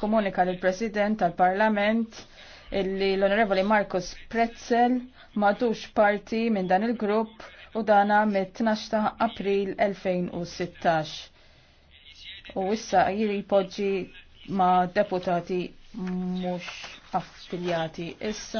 komunika l-President tal-Parlament illi l-Onorevoli Markus Pretzel madux parti minn dan il-grupp u dana mit-12 ta' April 2016. U issa jiri podġi ma' deputati mux affiljati. Issa